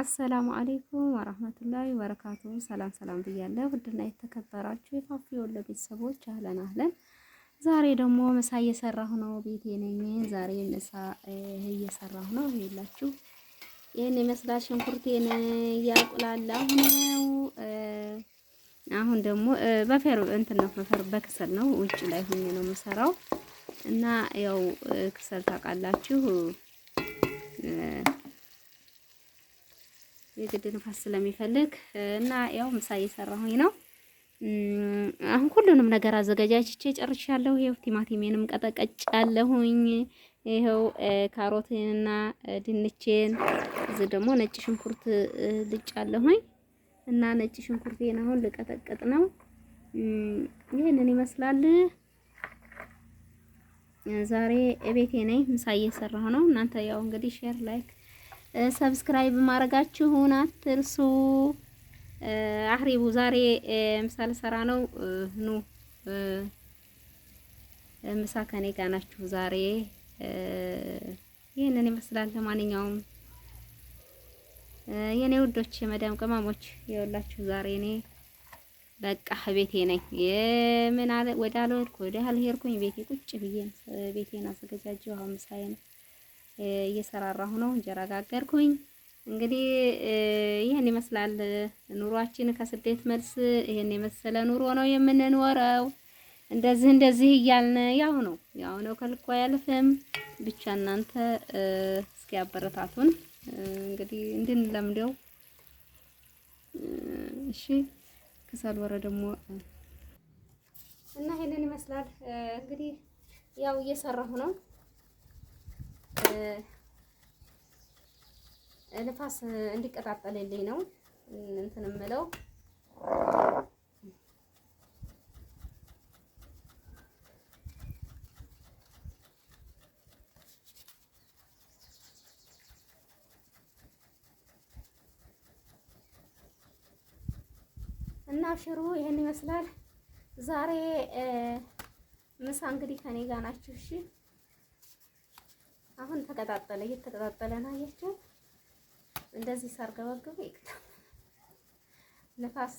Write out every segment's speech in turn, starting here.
አሰላሙ አሌይኩም ወረህመቱላሂ ወበረካቱ። ሰላም ሰላም ብያለሁ። ውድና የተከበራችሁ የፋፊ ወሎ ቤተሰቦች አህለን አህለን። ዛሬ ደግሞ ምሳ እየሰራሁ ነው። ቤቴ ነኝ። ዛሬ ምሳ እየሰራሁ ነው። ይኸውላችሁ ይህን ይመስላል። ሽንኩርቴን እያቁላላሁ ነው። አሁን ደግሞ በፌር እንትን ነው በፌር በክሰል ነው ውጭ ላይ ሆኜ ነው የምሰራው እና ያው ክሰል ታውቃላችሁ የግድ ንፋስ ስለሚፈልግ እና ያው ምሳ እየሰራሁኝ ነው። አሁን ሁሉንም ነገር አዘጋጃጅቼ ጨርሻለሁ። ይሄው ቲማቲሜንም ቀጠቀጭ ይሄው ካሮቴንና ድንቼን እዚህ ደግሞ ነጭ ሽንኩርት ልጭ እና ነጭ ሽንኩርቴን አሁን ልቀጠቅጥ ነው። ይህንን ይመስላል። ዛሬ ቤቴ ነኝ፣ ምሳ እየሰራሁ ነው። እናንተ ያው እንግዲህ ሼር ላይክ ሰብስክራይብ ማድረጋችሁን አትርሱ። አህሪቡ ዛሬ ምሳ ልሰራ ነው። ኑ ምሳ ከኔ ጋር ናችሁ ዛሬ። ይህንን ይመስላል። ለማንኛውም የኔ ውዶች የመዳም ቅመሞች የወላችሁ ዛሬ እኔ በቃ ቤቴ ነኝ። የምን አለ ወደ አልሄድኩ ወደ አልሄድኩኝ ቤቴ ቁጭ ብዬ ቤቴን አዘገጃጀሁ። አሁን ምሳዬ ነው እየሰራራሁ ነው፣ እንጀራ ጋገርኩኝ። እንግዲህ ይህን ይመስላል ኑሯችን ከስደት መልስ። ይህን የመሰለ ኑሮ ነው የምንኖረው። እንደዚህ እንደዚህ እያልን ያው ነው ያው ነው ከልኩ አያልፍም። ብቻ እናንተ እስኪ አበረታቱን እንግዲህ እንድንለምደው። እሺ ከሳል ወረ ደግሞ እና ይሄንን ይመስላል እንግዲህ ያው እየሰራሁ ነው ንፋስ እንዲቀጣጠልልኝ ነው እንትን የምለው እና ሽሩ ይሄን ይመስላል ዛሬ ምሳ እንግዲህ ከኔ ጋር ናችሁ። እሺ አሁን ተቀጣጠለ፣ እየተቀጣጠለ ነው። አያችሁ፣ እንደዚህ ሳርገበግበ ይቅጣል። ንፋስ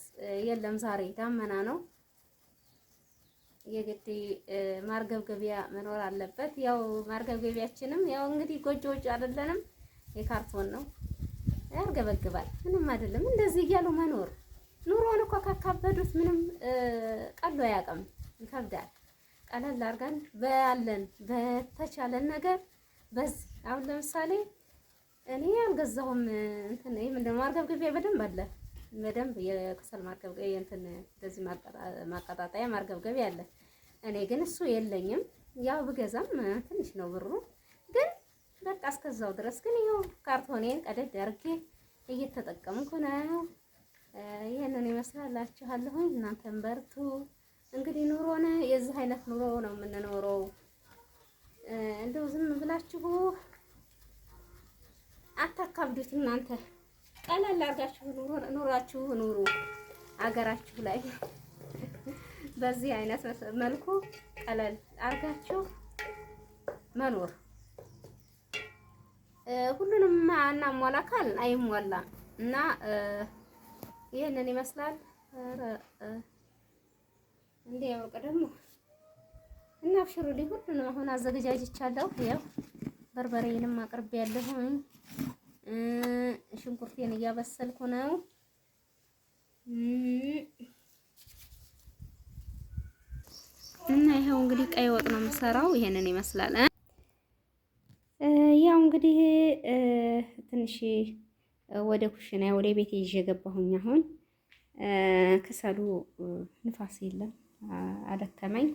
የለም ዛሬ ዳመና ነው። የግድ ማርገብገቢያ መኖር አለበት። ያው ማርገብገቢያችንም ያው እንግዲህ ጎጆ አይደለንም፣ የካርቶን ነው። ያርገበግባል፣ ምንም አይደለም። እንደዚህ እያሉ መኖር ኑሮን እኮ ካካበዱት ምንም ቀሎ አያውቅም። ይከብዳል። ቀለል አድርገን በያለን በተቻለን ነገር በዚህ አሁን ለምሳሌ እኔ አልገዛሁም እንትን ይሄ ምንድን ነው ማርገብገቢያ በደንብ አለ በደንብ የከሰል ማርገብገቢያ እንትን እንደዚህ ማቀጣጣያ ማርገብገቢያ አለ። እኔ ግን እሱ የለኝም። ያው ብገዛም ትንሽ ነው ብሩ ግን በቃ እስከዛው ድረስ ግን ይኸው ካርቶኔን ቀደድ አድርጌ እየተጠቀምኩ ነው። ይህንን ይመስላላችኋለሁኝ። እናንተን በርቱ። እንግዲህ ኑሮን የዚህ አይነት ኑሮ ነው የምንኖረው። እንደው ዝም ብላችሁ አታካብዱት። እናንተ ቀላል አድርጋችሁ ኑሯችሁ ኑሩ አገራችሁ ላይ። በዚህ አይነት መልኩ ቀለል አርጋችሁ መኖር ሁሉንም እናሟላ ካል አይሟላም እና ይህንን ይመስላል። እንዲህ ያወቅ ደግሞ እና አብሽሩልኝ። ሁሉንም አሁን አዘገጃጅቻለሁ። ያው በርበሬንም አቅርቤ ያለሁኝ ሽንኩርቴን እያበሰልኩ ነው። እና ይኸው እንግዲህ ቀይ ወጥ ነው የምሰራው። ይሄንን ይመስላል። ያው እንግዲህ ትንሽ ወደ ኩሽና ወደ ቤት ይዤ ገባሁኝ። አሁን ክሰሉ ንፋስ የለም አደከመኝ።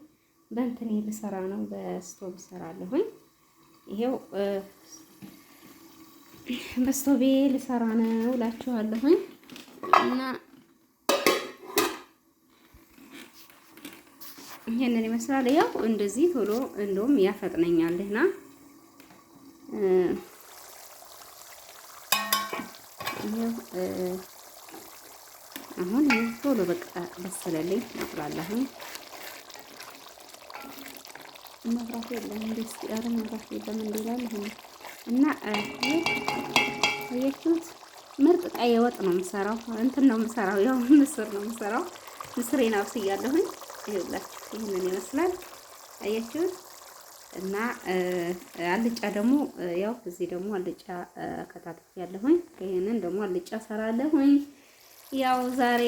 በእንትን ልሰራ ነው። በስቶብ እሰራለሁኝ። ይሄው በስቶቤ ልሰራ ነው እላችኋለሁኝ እና ይሄንን ይመስላል። ያው እንደዚህ ቶሎ እንደውም ያፈጥነኛል እና ይሄው አሁን ቶሎ በቃ በሰለልኝ አጥላለሁኝ። መብራት የለም እንዴት ሲያረ መብራት የለም እንዲላል ይሄ እና አያችሁት፣ ምርጥ ቀይ ወጥ ነው የምሰራው። እንትን ነው የምሰራው፣ ያው ምስር ነው የምሰራው። ምስሬን አብስያለሁኝ። ይኸውላችሁ ይሄንን ይመስላል። አያችሁት እና አልጫ ደግሞ ያው እዚህ ደግሞ አልጫ ከታትፍ ያለሁኝ ይሄንን ደግሞ አልጫ ሰራለሁኝ። ያው ዛሬ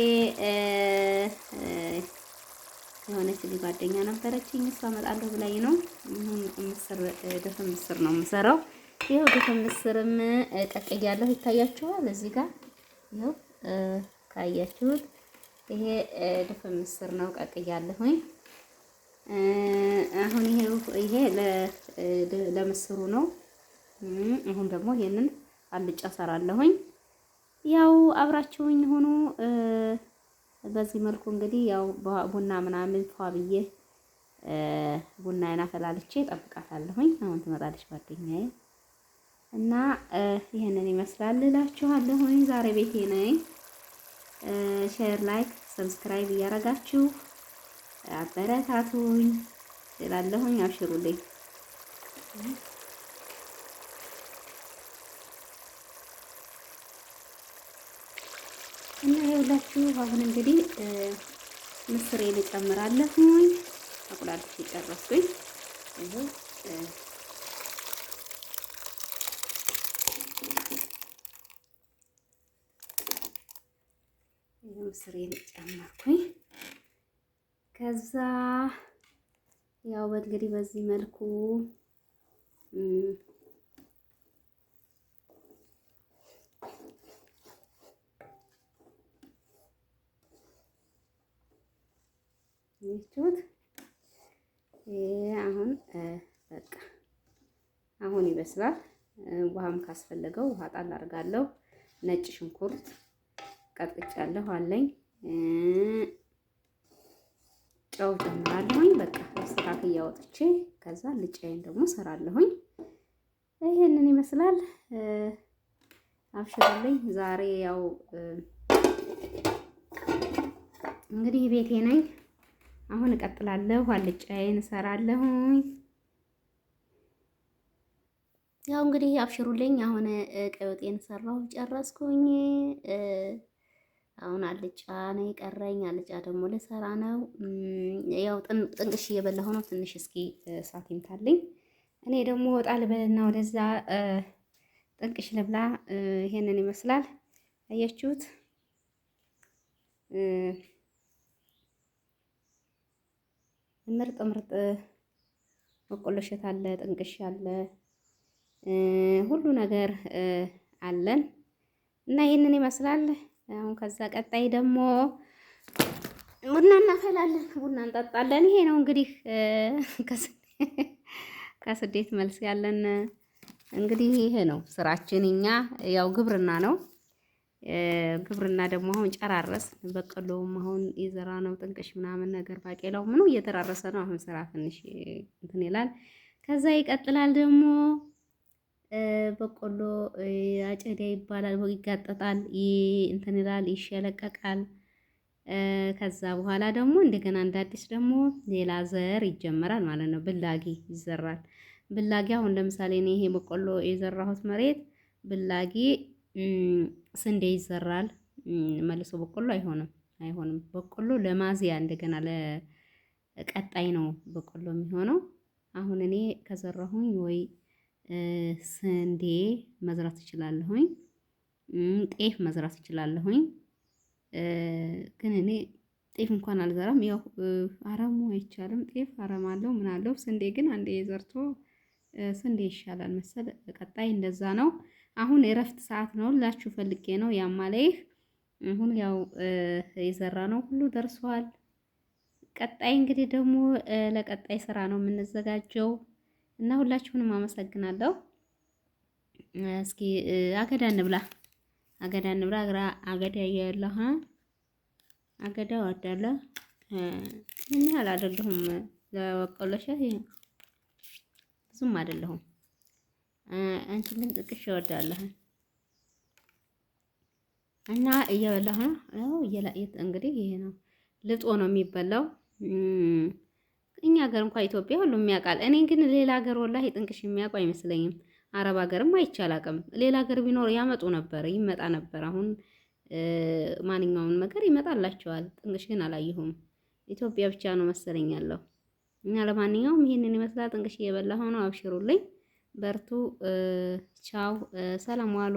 የሆነች ጓደኛ ነበረችኝ። እሷ እመጣለሁ ብላኝ ነው። ምስር ድፍን ምስር ነው የምሰራው። ይኸው ድፍ ምስርም ቀቅያለሁ። ይታያችኋል እዚህ ጋር ይኸው ካያችሁት ይሄ ድፍ ምስር ነው ቀቅያለሁኝ። አሁን ይሄ ለምስሩ ነው። አሁን ደግሞ ይሄንን አልጫ ሰራለሁኝ። ያው አብራችሁኝ ሁኑ። በዚህ መልኩ እንግዲህ ያው ቡና ምናምን ፏ ብዬ ቡና አይና ፈላልቼ እጠብቃታለሁኝ። አሁን ትመጣለች ጓደኛዬ እና ይህንን ይመስላል እላችኋለሁኝ። ዛሬ ቤቴ ነኝ። ሼር፣ ላይክ፣ ሰብስክራይብ እያረጋችሁ አበረታቱኝ እላለሁኝ። አብሽሩልኝ። እና ይኸውላችሁ አሁን እንግዲህ ምስር ልጨምራለሁ ሞኝ አቁላልሽ የጨረስኩኝ ይኸው ምስር ልጨመርኩኝ ከዛ ያው እንግዲህ በዚህ መልኩ ይችሁት አሁን በቃ አሁን ይበስላል። ውሃም ካስፈለገው ውሃ ጣል አድርጋለሁ። ነጭ ሽንኩርት ቀጥቅጫለሁ አለኝ። ጨው ጨምራለሁኝ። በቃ አስተካክዬ አወጥቼ ከዛ ልጫዬን ደግሞ ሰራለሁኝ። ይሄንን ይመስላል። አብሽሩልኝ። ዛሬ ያው እንግዲህ ቤቴ ነኝ። አሁን እቀጥላለሁ። አልጫዬን እሰራለሁኝ። ያው እንግዲህ አብሽሩልኝ። አሁን ቀይወጤን ሰራሁ ጨረስኩኝ። አሁን አልጫ ነው የቀረኝ። አልጫ ደግሞ ልሰራ ነው። ያው ጥንቅሽ እየበላሁ ነው። ትንሽ እስኪ እሳት ይምታልኝ። እኔ ደግሞ ወጣ ልበልና ወደዛ ጥንቅሽ ልብላ። ይሄንን ይመስላል። አያችሁት? ምርጥ ምርጥ መቆለሸት አለ፣ ጥንቅሽ አለ፣ ሁሉ ነገር አለን እና ይህንን ይመስላል። አሁን ከዛ ቀጣይ ደግሞ ቡና እናፈላለን፣ ቡና እንጠጣለን። ይሄ ነው እንግዲህ ከስደት መልስ ያለን እንግዲህ ይሄ ነው ስራችን። እኛ ያው ግብርና ነው ግብርና ደግሞ አሁን ጨራረስ በቀሎም አሁን የዘራ ነው ጥንቅሽ ምናምን ነገር ባቄላው ምኑ እየተራረሰ ነው። አሁን ስራ ትንሽ እንትን ይላል። ከዛ ይቀጥላል ደግሞ በቆሎ አጨዳ ይባላል። ይጋጠጣል፣ እንትን ይላል፣ ይሸለቀቃል። ከዛ በኋላ ደግሞ እንደገና እንደ አዲስ ደግሞ ሌላ ዘር ይጀመራል ማለት ነው። ብላጊ ይዘራል። ብላጊ አሁን ለምሳሌ እኔ ይሄ በቆሎ የዘራሁት መሬት ብላጊ ስንዴ ይዘራል። መልሶ በቆሎ አይሆንም አይሆንም። በቆሎ ለማዚያ እንደገና ለቀጣይ ነው በቆሎ የሚሆነው። አሁን እኔ ከዘራሁኝ ወይ ስንዴ መዝራት እችላለሁኝ፣ ጤፍ መዝራት እችላለሁኝ። ግን እኔ ጤፍ እንኳን አልዘራም። ያው አረሙ አይቻልም። ጤፍ አረም አለው ምን አለው። ስንዴ ግን አንዴ ዘርቶ ስንዴ ይሻላል መሰል። ቀጣይ እንደዛ ነው። አሁን የረፍት ሰዓት ነው ላችሁ ፈልጌ ነው ያማለይህ። አሁን ያው የዘራ ነው ሁሉ ደርሷል። ቀጣይ እንግዲህ ደግሞ ለቀጣይ ስራ ነው የምንዘጋጀው እና ሁላችሁንም አመሰግናለሁ። እስኪ አገዳ እንብላ፣ አገዳ እንብላ። አግራ አገዳ ያለህ አገዳ ወዳለ ምን ያህል አይደለሁም ለወቀለሽ ብዙም አይደለሁም አንቺ ግን ጥቅሽ ይወዳለህ እና እየበላሁ ነው። እንግዲህ ይሄ ነው ልጦ ነው የሚበላው። እኛ ሀገር እንኳ ኢትዮጵያ ሁሉም ያውቃል። እኔ ግን ሌላ ሀገር ወላ ጥንቅሽ የሚያውቁ አይመስለኝም። አረብ ሀገርም አይቻል አቅም ሌላ ሀገር ቢኖር ያመጡ ነበር ይመጣ ነበር። አሁን ማንኛውም ነገር ይመጣላቸዋል። ጥንቅሽ ግን አላየሁም። ኢትዮጵያ ብቻ ነው መሰለኝ ያለው እና ለማንኛውም ይህንን ይመስላል። ጥንቅሽ እየበላሁ ነው። አብሽሩልኝ። በርቱ። ቻው፣ ሰላም ዋሉ።